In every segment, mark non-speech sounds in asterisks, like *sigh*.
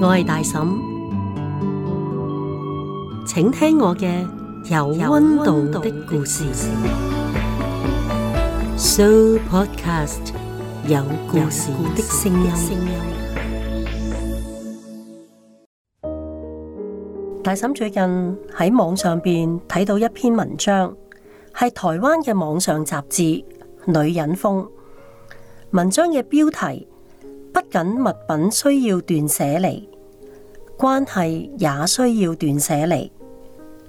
我係大沈，請聽我嘅有溫度的故事。Sooo Podcast 有故事的聲音。大沈最近喺網上邊睇到一篇文章，係台灣嘅網上雜誌《女人風》。文章嘅標題。不僅物品需要斷捨離，關係也需要斷捨離。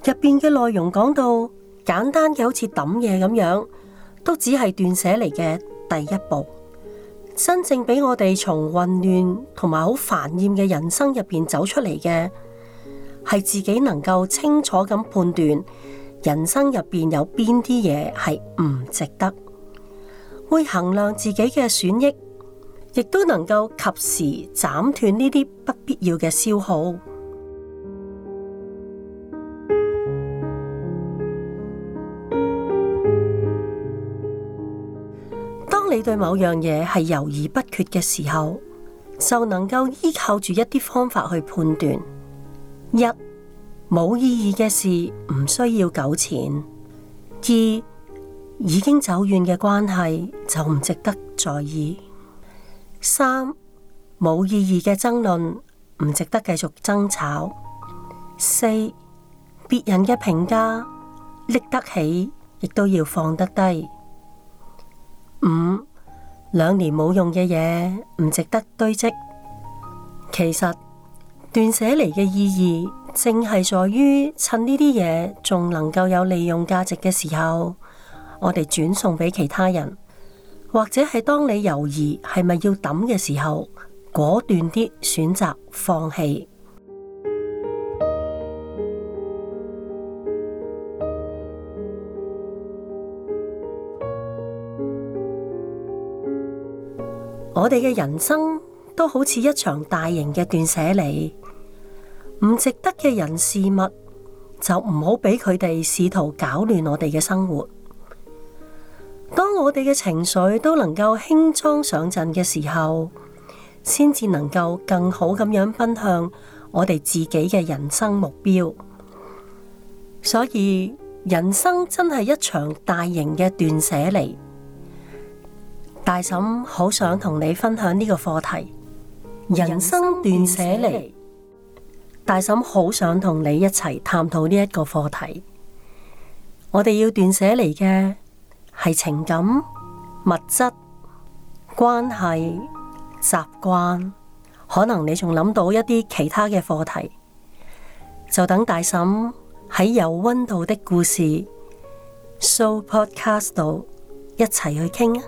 入邊嘅內容講到，簡單嘅好似抌嘢咁樣，都只係斷捨離嘅第一步。真正俾我哋從混亂同埋好煩厭嘅人生入邊走出嚟嘅，係自己能夠清楚咁判斷人生入邊有邊啲嘢係唔值得，會衡量自己嘅損益。亦都能夠及時斬斷呢啲不必要嘅消耗。當你對某樣嘢係猶豫不決嘅時候，就能夠依靠住一啲方法去判斷：一、冇意義嘅事唔需要糾纏；二、已經走遠嘅關係就唔值得在意。三、冇意義嘅爭論唔值得繼續爭吵。四、別人嘅評價拎得起，亦都要放得低。五兩年冇用嘅嘢唔值得堆積。其實斷捨離嘅意義正係在於趁呢啲嘢仲能夠有利用價值嘅時候，我哋轉送俾其他人。或者係當你猶豫係咪要抌嘅時候，果斷啲選擇放棄。 *music* 我哋嘅人生都好似一場大型嘅斷捨離，唔值得嘅人事物就唔好俾佢哋試圖搞亂我哋嘅生活。當我哋嘅情緒都能夠輕裝上陣嘅時候，先至能夠更好咁樣奔向我哋自己嘅人生目標。所以人生真係一場大型嘅斷捨離。大沈好想同你分享呢個課題，人生斷捨離。大沈好想同你一齊探討呢一個課題。我哋要斷捨離嘅，係情感、物質、關係、習慣，可能你仲諗到一啲其他嘅課題，就等大沈喺有温度的故事 Sooo podcast 度一齊去傾啊！